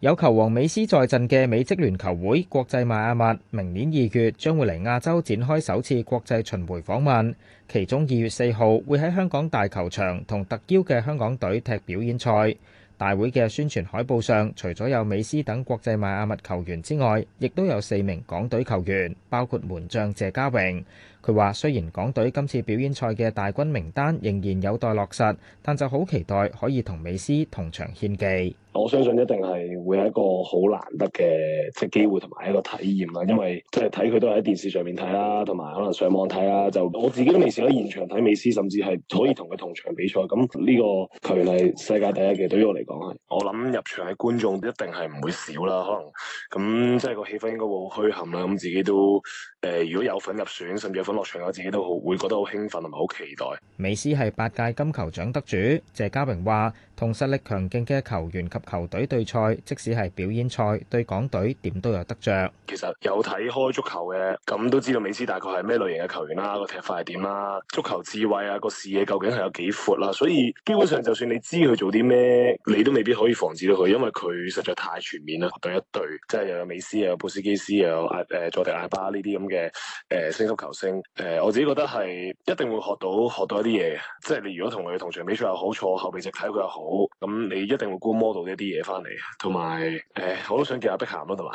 有球王美斯在陣嘅美職聯球會國際邁亞密，明年二月將會嚟亞洲展開首次國際巡回訪問，其中二月四號會喺香港大球場同特邀嘅香港隊踢表演賽。大會嘅宣傳海報上，除咗有美斯等國際邁亞密球員之外，亦都有四名港隊球員，包括門將謝家榮。佢話：雖然港隊今次表演賽嘅大軍名單仍然有待落實，但就好期待可以同美斯同場獻技。我相信一定係會係一個好難得嘅即係機會同埋一個體驗啦。因為即係睇佢都係喺電視上面睇啦，同埋可能上網睇啦。就我自己都未試過現場睇美斯，甚至係可以同佢同場比賽。咁呢個球員係世界第一嘅，對於我嚟講係。我諗入場嘅觀眾一定係唔會少啦，可能咁即係個氣氛應該會好墟冚啦。咁自己都誒、呃，如果有份入選，甚至落場我自己都好會覺得好興奮，同埋好期待。美斯係八屆金球獎得主，謝家榮話：同實力強勁嘅球員及球隊對賽，即使係表演賽，對港隊點都有得着。其實有睇開足球嘅咁，都知道美斯大概係咩類型嘅球員啦，個踢法係點啦，足球智慧啊，個視野究竟係有幾闊啦。所以基本上，就算你知佢做啲咩，你都未必可以防止到佢，因為佢實在太全面啦。對一隊，即係又有美斯，又有布斯基斯，又有誒佐迪亞巴呢啲咁嘅誒升級球星。誒，我自己覺得係一定會學到學到一啲嘢嘅，即係你如果同佢同場比賽又好，坐後備席睇佢又好，咁你一定會觀摩到一啲嘢翻嚟，同埋誒，我都想叫阿碧咸咯。同埋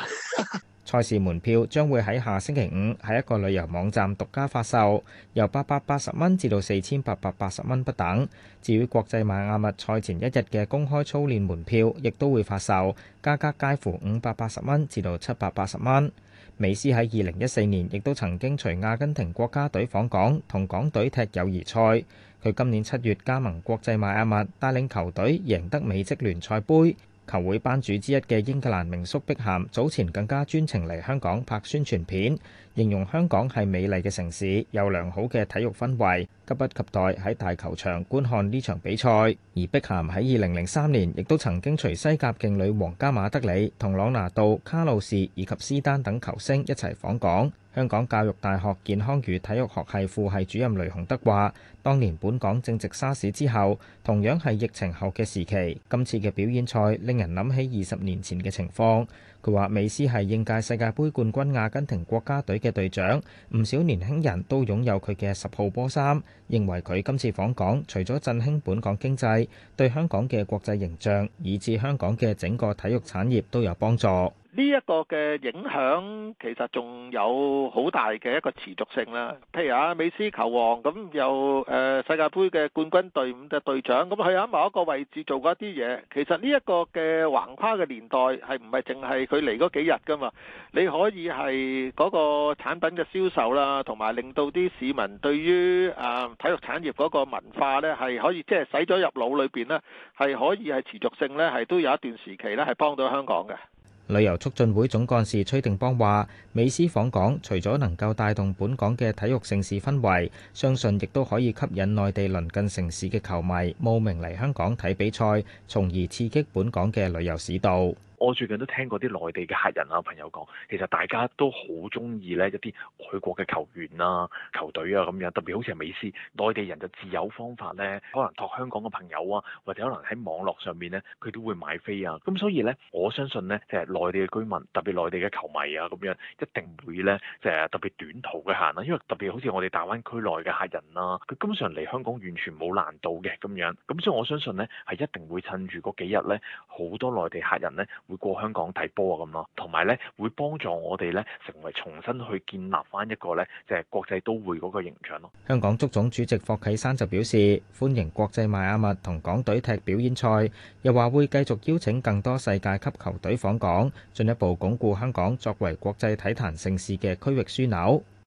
賽事門票將會喺下星期五喺一個旅遊網站獨家發售，由八百八十蚊至到四千八百八十蚊不等。至於國際邁亞密賽前一日嘅公開操練門票，亦都會發售，價格介乎五百八十蚊至到七百八十蚊。美斯喺二零一四年亦都曾經隨阿根廷國家隊訪港，同港隊踢友誼賽。佢今年七月加盟國際邁亞密，帶領球隊贏得美職聯賽杯。球會班主之一嘅英格蘭名宿碧咸早前更加專程嚟香港拍宣傳片，形容香港係美麗嘅城市，有良好嘅體育氛圍。急不及待喺大球場觀看呢場比賽，而碧咸喺二零零三年亦都曾經隨西甲勁旅皇家馬德里同朗拿度、卡路士以及斯丹等球星一齊訪港。香港教育大學健康與體育學系副系主任雷雄德話，當年本港正值沙士之後，同樣係疫情後嘅時期今次嘅表演賽令人諗起二十年前嘅情況。佢話，美斯係應屆世界杯冠軍阿根廷國家隊嘅隊長，唔少年輕人都擁有佢嘅十號波衫。認為佢今次訪港，除咗振興本港經濟，對香港嘅國際形象，以至香港嘅整個體育產業都有幫助。呢一個嘅影響其實仲有好大嘅一個持續性啦。譬如啊，美斯球王咁又誒世界盃嘅冠軍隊伍嘅隊長，咁佢喺某一個位置做過一啲嘢。其實呢一個嘅橫跨嘅年代係唔係淨係佢嚟嗰幾日㗎嘛？你可以係嗰個產品嘅銷售啦，同埋令到啲市民對於啊、呃、體育產業嗰個文化呢，係可以即係使咗入腦裏邊呢係可以係持續性呢係都有一段時期呢係幫到香港嘅。旅遊促進會總幹事崔定邦話：美斯訪港，除咗能夠帶動本港嘅體育盛事氛圍，相信亦都可以吸引內地鄰近城市嘅球迷慕名嚟香港睇比賽，從而刺激本港嘅旅遊市道。我最近都聽過啲內地嘅客人啊朋友講，其實大家都好中意咧一啲外國嘅球員啊、球隊啊咁樣，特別好似美斯。內地人就自有方法咧，可能託香港嘅朋友啊，或者可能喺網絡上面咧，佢都會買飛啊。咁所以咧，我相信咧，即係內地嘅居民，特別內地嘅球迷啊咁樣，一定會咧，即係特別短途嘅行啦。因為特別好似我哋大灣區內嘅客人啦，佢經常嚟香港完全冇難度嘅咁樣。咁所以我相信咧，係一定會趁住嗰幾日咧，好多內地客人咧。會過香港睇波啊咁咯，同埋咧會幫助我哋咧成為重新去建立翻一個咧就係國際都會嗰個形象咯。香港足總主席霍啟山就表示，歡迎國際邁阿密同港隊踢表演賽，又話會繼續邀請更多世界級球隊訪港，進一步鞏固香港作為國際體壇盛事嘅區域樞紐。